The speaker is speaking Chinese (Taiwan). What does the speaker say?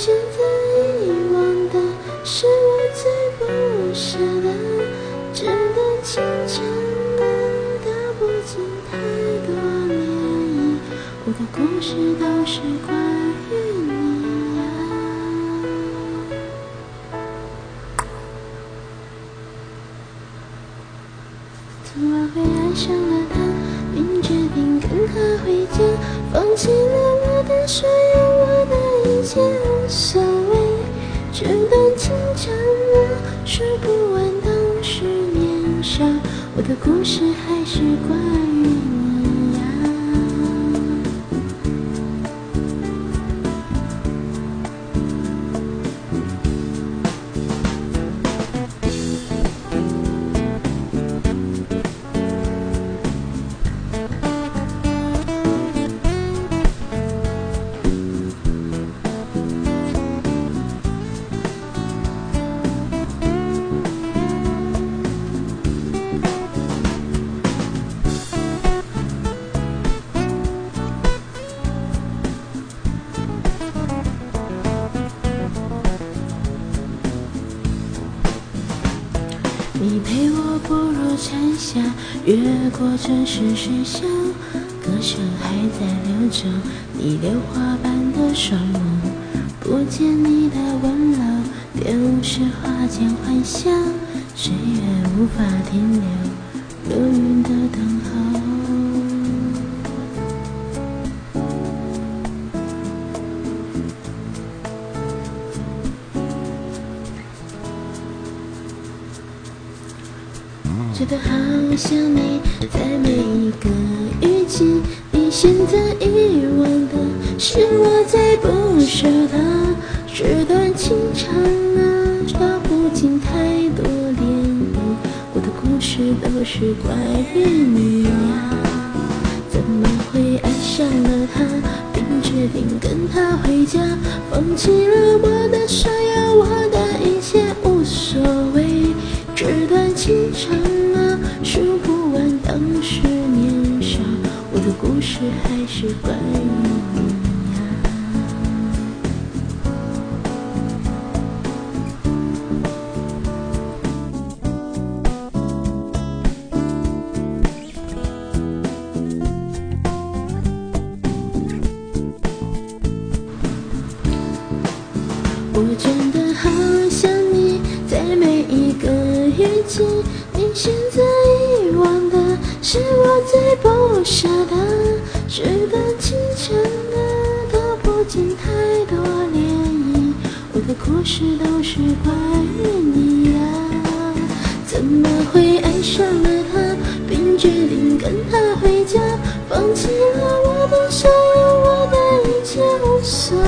現在遺忘的是我最不捨的，只能淺淺的打不盡太多漣漪。我的故事都是關於你呀，怎麼會愛上了他，並決定跟他回家，放棄了我的所有？說不完當時年少，我的故事還是關於你。你陪我步入蟬夏，越過城市喧囂，歌聲還在遊走，你榴花般的雙眸，不見你的溫柔，丟失花間歡笑，歲月無法停留，流雲的等候。覺得好想你，在每一個雨季。你選擇遺忘的，是我最不捨的。紙短情長啊，道不盡太多漣漪。我的故事都是關於你呀，怎麼會愛上了他，並決定跟他回家，放棄了我的所有。我。我真的好想你，在每一個雨季。你選擇遺忘的，是我最不捨的。紙短情長啊，道不盡太多漣漪。我的故事都是關於你呀。怎麼會愛上了他，並決定跟他回家，放棄了我的所有，我的一切無所